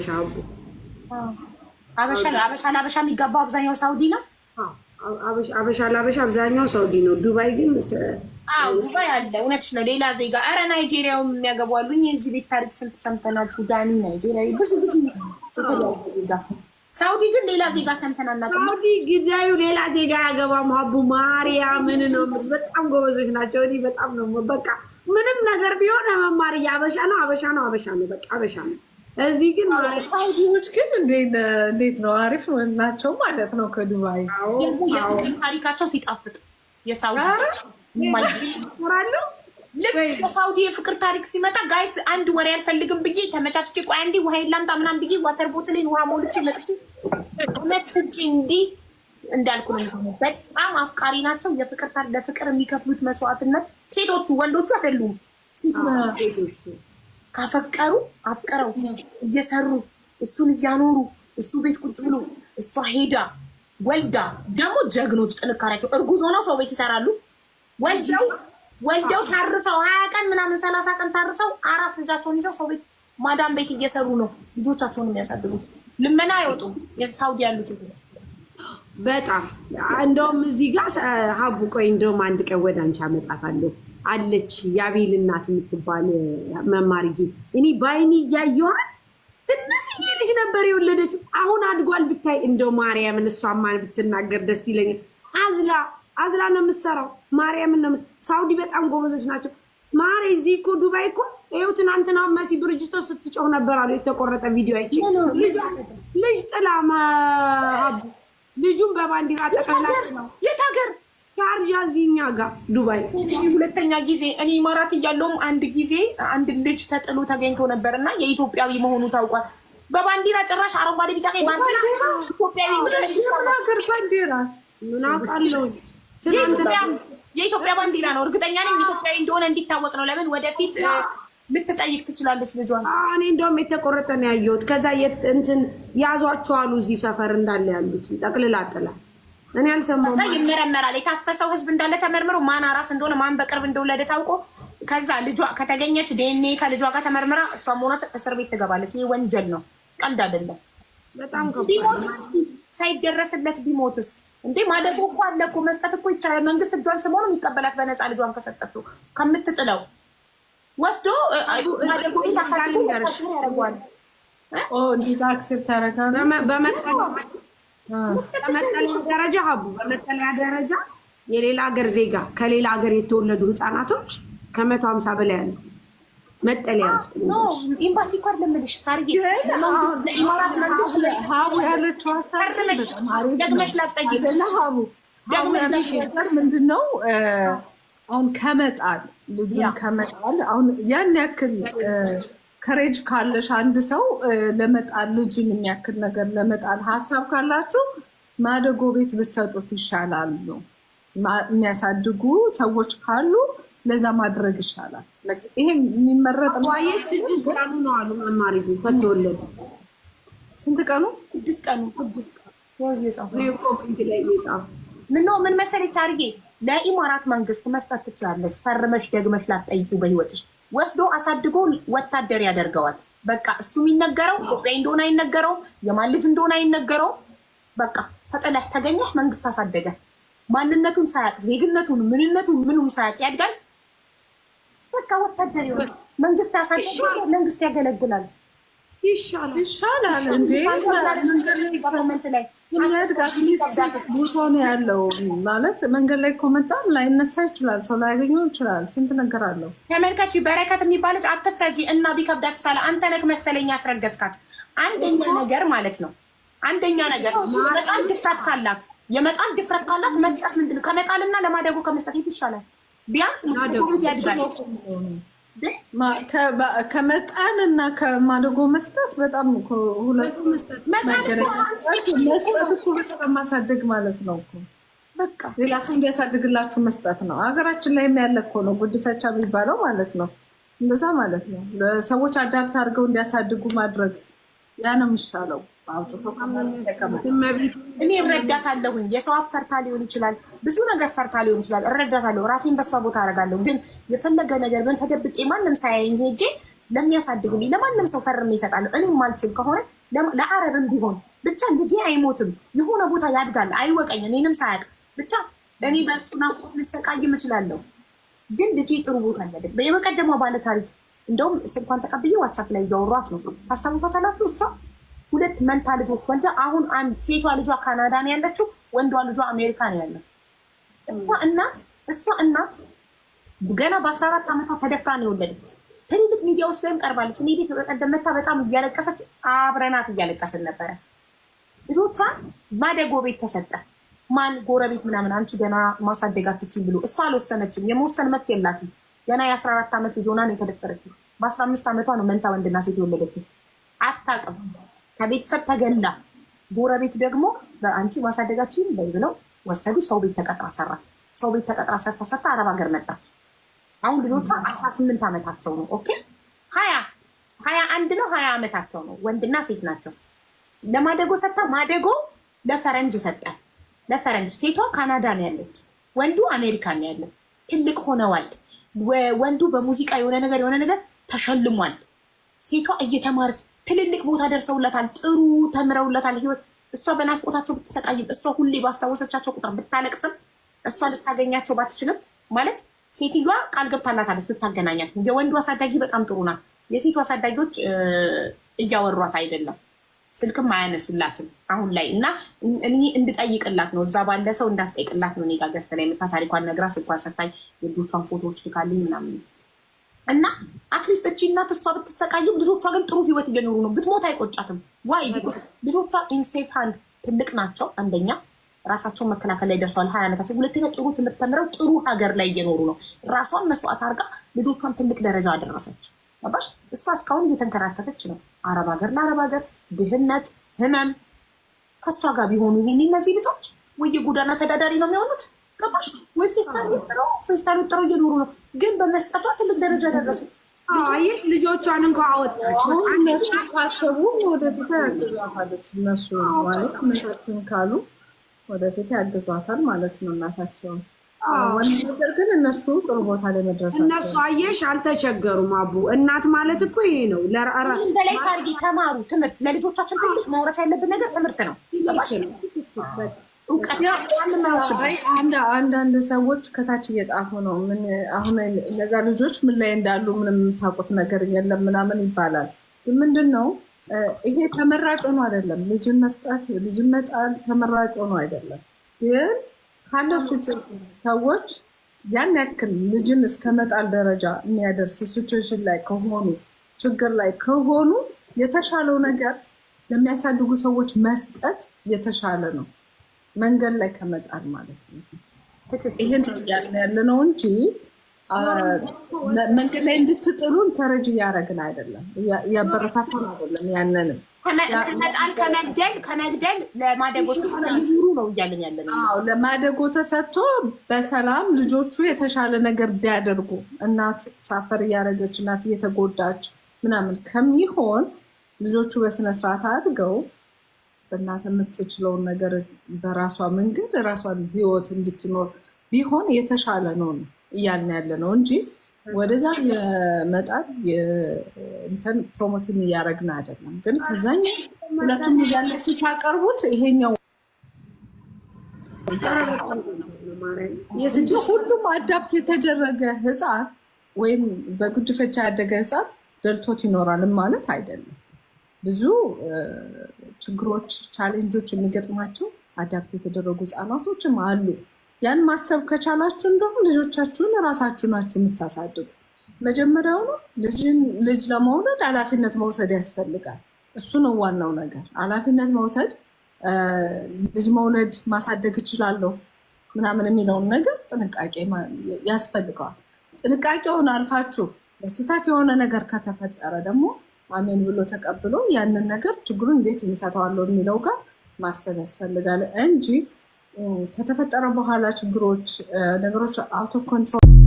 አበሻ አምቦ አበሻ ለአበሻ የሚገባው አብዛኛው ሳውዲ ነው። አበሻ ለአበሻ አብዛኛው ሳውዲ ነው። ዱባይ ግን ዱባይ አለ። እውነትሽ ነው። ሌላ ዜጋ አረ ናይጄሪያው የሚያገቧሉ። የዚህ ቤት ታሪክ ስንት ሰምተናል። ሱዳኒ፣ ናይጄሪያ ብዙ ብዙ የተለያዩ ሳውዲ ግን ሌላ ዜጋ ሰምተን አናውቅም። ሳውዲ ግዳዩ ሌላ ዜጋ ያገባም። ሀቡ ማርያምን ነው የምልሽ፣ በጣም ጎበዞች ናቸው። እኔ በጣም ነው በቃ ምንም ነገር ቢሆን መማር አበሻ ነው አበሻ ነው አበሻ ነው በቃ አበሻ ነው። እዚህ ግን ሳውዲዎች ግን እንዴት ነው? አሪፍ ናቸው ማለት ነው። ከዱባይ ደግሞ የፍቅር ታሪካቸው ሲጣፍጥ የሳውዲራለሁ ልክ ከሳውዲ የፍቅር ታሪክ ሲመጣ ጋይስ አንድ ወሬ አልፈልግም ብዬ ተመቻችቼ ቆይ አንዴ ውሃ ላምጣ ምናምን ብዬ ዋተር ቦትሌን ውሃ ሞልቼ መጥቼ ተመስጬ እንዲህ እንዳልኩ ነው። በጣም አፍቃሪ ናቸው። የፍቅር ታሪክ ለፍቅር የሚከፍሉት መስዋዕትነት ሴቶቹ፣ ወንዶቹ አይደሉም ሴቶቹ ካፈቀሩ አፍቀረው እየሰሩ እሱን እያኖሩ እሱ ቤት ቁጭ ብሎ እሷ ሄዳ ወልዳ ደግሞ ጀግኖች ጥንካሬያቸው እርጉዞ ሆነው ሰው ቤት ይሰራሉ። ወልደው ወልደው ታርሰው ሀያ ቀን ምናምን ሰላሳ ቀን ታርሰው አራስ ልጃቸውን ይዘው ሰው ቤት ማዳም ቤት እየሰሩ ነው ልጆቻቸውን የሚያሳድጉት። ልመና አይወጡም የሳውዲ ያሉ ሴቶች በጣም እንደውም እዚህ ጋር ሀቡ ቆይ እንደውም አንድ ቀን ወደ አንቺ አመጣታለሁ አለች የአቤል እናት የምትባል መማርጌ። እኔ በአይኔ እያየኋት ትንሽዬ ልጅ ነበር የወለደችው። አሁን አድጓል ብታይ እንደው ማርያምን፣ እሷማን ብትናገር ደስ ይለኛል። አዝላ አዝላ ነው የምትሰራው። ማርያምን ነው ሳውዲ በጣም ጎበዞች ናቸው። ማር እዚህ እኮ ዱባይ እኮ ይኸው ትናንትና መሲ ብርጅቶ ስትጮህ ነበር አሉ። የተቆረጠ ቪዲዮ አይቼ ልጅ ጥላ ልጁን በባንዲራ ጠቅልላ የት ሀገር ሻርጃ እዚህኛ ጋር ዱባይ ሁለተኛ ጊዜ እኔ ኢማራት አንድ ጊዜ አንድ ልጅ ተጥሎ ተገኝቶ ነበር እና የኢትዮጵያዊ መሆኑ ታውቋል። በባንዲራ ጭራሽ አረንጓዴ፣ ቢጫ፣ ቀይ ባንዲራ ባንዲራ ምን አውቃለሁ። የኢትዮጵያ ባንዲራ ነው። እርግጠኛ ነኝ ኢትዮጵያዊ እንደሆነ እንዲታወቅ ነው። ለምን ወደፊት ልትጠይቅ ትችላለች ልጇን። እኔ እንደውም የተቆረጠ ነው ያየሁት። ከዛ እንትን ያዟቸዋሉ እዚህ ሰፈር እንዳለ ያሉት ጠቅልላ ጥላ እኔ አልሰማሁም። ከዛ ይመረመራል። የታፈሰው ህዝብ እንዳለ ተመርምሮ ማን አራስ እንደሆነ ማን በቅርብ እንደወለደ ታውቆ ከዛ ልጇ ከተገኘች ዴኔ ከልጇ ጋር ተመርምራ እሷ መሆኗ እስር ቤት ትገባለች። ይህ ወንጀል ነው፣ ቀልድ አይደለም። ቢሞትስ ሳይደረስለት ቢሞትስ? እንዴ ማደጎ እኮ አለ እኮ መስጠት እኮ ይቻላል። መንግስት እጇን ስመሆኑ የሚቀበላት በነፃ ልጇን ከሰጠቱ ከምትጥለው ወስዶ ማደጎ ቤት አሳልጎ ያደርጓል። ዲዛ አክሴፕት ያደረጋል በመጣ ደረጃ ሀቡ በመጠለያ ደረጃ የሌላ ሀገር ዜጋ ከሌላ ሀገር የተወለዱ ህጻናቶች ከመቶ ሀምሳ በላይ ያሉ መጠለያ ውስጥ ኤምባሲ እኮ ለምልሽ ሳርጌኢማራት ያለችው ደግመሽ ላጠይቅለሀቡ ምንድን ነው አሁን ከመጣል ልጁ ከመጣል አሁን ያን ያክል ከሬጅ ካለሽ አንድ ሰው ለመጣል ልጅን የሚያክል ነገር ለመጣል ሀሳብ ካላችሁ ማደጎ ቤት ብትሰጡት ይሻላሉ። የሚያሳድጉ ሰዎች ካሉ ለዛ ማድረግ ይሻላል። ይሄ የሚመረጥ ነው። ስድስት ቀኑ ነው አሉ መማሪ ከተወለዱ ስንት ቀኑ? ስድስት ቀኑ። ምን መሰለሽ ሳርጌ ለኢማራት መንግስት መስጠት ትችላለች። ፈርመሽ ደግመሽ ላትጠይቂው በህይወትሽ ወስዶ አሳድጎ ወታደር ያደርገዋል። በቃ እሱ የሚነገረው ኢትዮጵያዊ እንደሆነ አይነገረው፣ የማን ልጅ እንደሆነ አይነገረው። በቃ ተጠላህ ተገኘህ፣ መንግስት አሳደገ። ማንነቱን ሳያቅ ዜግነቱን፣ ምንነቱን፣ ምኑም ሳያቅ ያድጋል። በቃ ወታደር ይሆናል። መንግስት ያሳደገ መንግስት ያገለግላል። ይሻላል ይሻላል። እንዴ ኮመንት ላይ ቦታ ነው ያለው ማለት መንገድ ላይ ኮመጣ ላይነሳ ይችላል፣ ሰው ላያገኘው ይችላል። ስንት ነገር አለው። ተመልካች በረከት የሚባለች አትፍረጂ እና ቢከብዳት ሳለ አንተ ነህ መሰለኝ ያስረገዝካት። አንደኛ ነገር ማለት ነው አንደኛ ነገር የመጣን ድፍረት ካላት የመጣን ድፍረት ካላት መስጠት ምንድን ነው ከመጣልና ለማደጎ ከመስጠት የት ይሻላል? ቢያንስ ያድጋል። ከመጣን እና ከማደጎ መስጠት በጣም ሁለቱ መስጠት ማሳደግ ማለት ነው በቃ ሌላ ሰው እንዲያሳድግላችሁ መስጠት ነው። ሀገራችን ላይም ያለ እኮ ነው ጉድፈቻ የሚባለው ማለት ነው። እንደዛ ማለት ነው። ለሰዎች አዳፕት አድርገው እንዲያሳድጉ ማድረግ ያ ነው የሚሻለው። እኔ እረዳታለሁኝ። የሰው አፈርታ ሊሆን ይችላል፣ ብዙ ነገር ፈርታ ሊሆን ይችላል። እረዳታለሁ፣ ራሴን በሷ ቦታ አደርጋለሁ። ግን የፈለገ ነገር ቢሆን ተደብቄ ማንም ሳያየኝ ሄጄ ለሚያሳድግልኝ ለማንም ሰው ፈርሜ ይሰጣለሁ። እኔ ማልችል ከሆነ ለአረብም ቢሆን ብቻ ልጄ አይሞትም፣ የሆነ ቦታ ያድጋል፣ አይወቀኝ፣ እኔንም ሳያቅ ብቻ እኔ በእሱ ናፍቆት ልሰቃይም እችላለሁ። ግን ልጄ ጥሩ ቦታ እያደግ የመቀደሟ ባለ እንደውም ስልኳን ተቀብዬ ዋትሳፕ ላይ እያወሯት ነው። ታስታውሷታላችሁ እሷ ሁለት መንታ ልጆች ወልዳ አሁን አንድ ሴቷ ልጇ ካናዳ ነው ያለችው፣ ወንዷ ልጇ አሜሪካ ነው ያለው። እሷ እናት እሷ እናት ገና በአስራ አራት ዓመቷ ተደፍራ ነው የወለደች። ትልልቅ ሚዲያዎች ላይም ቀርባለች። እኔ ቤት በቀደም መታ በጣም እያለቀሰች አብረናት እያለቀስን ነበረ። ልጆቿን ማደጎ ቤት ተሰጠ። ማን ጎረቤት ምናምን አንቺ ገና ማሳደግ አትችይም ብሎ እሷ አልወሰነችም። የመወሰን መብት የላትም። ገና የአስራ አራት ዓመት ልጅ ሆና ነው የተደፈረችው። በአስራ አምስት ዓመቷ ነው መንታ ወንድና ሴት የወለደችው። አታውቅም ከቤተሰብ ተገላ፣ ጎረቤት ደግሞ በአንቺ ማሳደጋችን በይ ብለው ወሰዱ። ሰው ቤት ተቀጥራ ሰራች። ሰው ቤት ተቀጥራ ሰርታ ሰርታ አረብ ሀገር መጣች። አሁን ልጆቿ አስራ ስምንት ዓመታቸው ነው። ኦኬ ሀያ ሀያ አንድ ነው ሀያ ዓመታቸው ነው። ወንድና ሴት ናቸው። ለማደጎ ሰጥታ ማደጎ ለፈረንጅ ሰጠ። ለፈረንጅ ሴቷ ካናዳ ነው ያለች፣ ወንዱ አሜሪካ ነው ያለው። ትልቅ ሆነዋል። ወንዱ በሙዚቃ የሆነ ነገር የሆነ ነገር ተሸልሟል። ሴቷ እየተማረች ትልልቅ ቦታ ደርሰውለታል፣ ጥሩ ተምረውለታል ህይወት። እሷ በናፍቆታቸው ብትሰቃይም፣ እሷ ሁሌ ባስታወሰቻቸው ቁጥር ብታለቅስም፣ እሷ ልታገኛቸው ባትችልም ማለት ሴትዮዋ ቃል ገብታላታለች ልታገናኛት። የወንዱ አሳዳጊ በጣም ጥሩ ናት። የሴቱ አሳዳጊዎች እያወሯት አይደለም፣ ስልክም አያነሱላትም አሁን ላይ እና እኔ እንድጠይቅላት ነው እዛ ባለ ሰው እንዳስጠይቅላት ነው። ኔጋ ገዝተ ላይ የምታ ታሪኳን ነግራ ስልኳን ሰታኝ የልጆቿን ፎቶዎች ልካልኝ ምናምን እና አትሊስት እቺ እናት እሷ ብትሰቃይም ልጆቿ ግን ጥሩ ህይወት እየኖሩ ነው። ብትሞት አይቆጫትም። ዋይ ልጆቿ ኢንሴፍ ሀንድ ትልቅ ናቸው። አንደኛ ራሳቸውን መከላከል ላይ ደርሰዋል፣ ሀያ ዓመታቸው። ሁለተኛ ጥሩ ትምህርት ተምረው ጥሩ ሀገር ላይ እየኖሩ ነው። ራሷን መስዋዕት አድርጋ ልጆቿን ትልቅ ደረጃ አደረሰች። ባሽ እሷ እስካሁን እየተንከራተተች ነው፣ አረብ ሀገር ለአረብ ሀገር ድህነት፣ ህመም ከእሷ ጋር ቢሆኑ ይህን እነዚህ ልጆች ወይ የጎዳና ተዳዳሪ ነው የሚሆኑት። ገባሽ ወይ ፌስታል ወጥረው ፌስታል ወጥረው እየኖሩ ነው፣ ግን በመስጠቷ ትልቅ ደረጃ ደረሱ። አየሽ ልጆቿን እንኳ አወጣች። እነሱ ካሰቡ ወደፊት ያግዟታለች። እነሱ ማለት እነታችን ካሉ ወደፊት ያግዟታል ማለት ነው። እናታቸውን ነገር ግን እነሱ ጥሩ ቦታ ላይ መድረስ እነሱ አየሽ አልተቸገሩም። አቡ እናት ማለት እኮ ይሄ ነው። ለምን በላይ ሳርጌ ተማሩ። ትምህርት ለልጆቻችን ትልቅ መውረስ ያለብን ነገር ትምህርት ነው። አንዳንድ ሰዎች ከታች እየጻፉ ነው። ምን አሁን እነዛ ልጆች ምን ላይ እንዳሉ ምንም የምታውቁት ነገር የለም ምናምን ይባላል። ምንድን ነው ይሄ? ተመራጭ ሆኖ አይደለም ልጅን መስጠት፣ ልጅን መጣል ተመራጭ ሆኖ አይደለም። ግን ካለው ሰዎች ያን ያክል ልጅን እስከ መጣል ደረጃ የሚያደርስ ሲቹዌሽን ላይ ከሆኑ ችግር ላይ ከሆኑ የተሻለው ነገር ለሚያሳድጉ ሰዎች መስጠት የተሻለ ነው። መንገድ ላይ ከመጣል ማለት ነው። ይህን እያልን ያለ ነው እንጂ መንገድ ላይ እንድትጥሉን ተረጅ እያደረግን አይደለም፣ እያበረታታን አይደለም። ያንንም ከመጣል ከመግደል ከመግደል ለማደጎ ነው እያለን ያለ ነው። ለማደጎ ተሰጥቶ በሰላም ልጆቹ የተሻለ ነገር ቢያደርጉ እናት ሳፈር እያደረገች እናት እየተጎዳች ምናምን ከሚሆን ልጆቹ በስነስርዓት አድርገው በእናት የምትችለውን ነገር በራሷ መንገድ ራሷን ህይወት እንድትኖር ቢሆን የተሻለ ነው እያልን ያለ ነው እንጂ ወደዛ የመጣል እንትን ፕሮሞትን እያደረግን አይደለም። ግን ከዛኛ ሁለቱም እያለ ስታቀርቡት ይሄኛው ሁሉም አዳፕት የተደረገ ህፃን ወይም በጉድፈቻ ያደገ ህፃን ደልቶት ይኖራልም ማለት አይደለም። ብዙ ችግሮች፣ ቻሌንጆች የሚገጥማቸው አዳፕት የተደረጉ ህጻናቶችም አሉ። ያን ማሰብ ከቻላችሁ እንደሁም ልጆቻችሁን እራሳችሁ ናችሁ የምታሳድጉ። መጀመሪያውኑ ልጅ ለመውለድ ኃላፊነት መውሰድ ያስፈልጋል። እሱ ነው ዋናው ነገር፣ ኃላፊነት መውሰድ። ልጅ መውለድ ማሳደግ እችላለሁ ምናምን የሚለውን ነገር ጥንቃቄ ያስፈልገዋል። ጥንቃቄውን አልፋችሁ በስህተት የሆነ ነገር ከተፈጠረ ደግሞ አሜን ብሎ ተቀብሎ ያንን ነገር ችግሩን እንዴት የሚፈታዋለው የሚለው ጋር ማሰብ ያስፈልጋል እንጂ ከተፈጠረ በኋላ ችግሮች ነገሮች አውት ኦፍ ኮንትሮል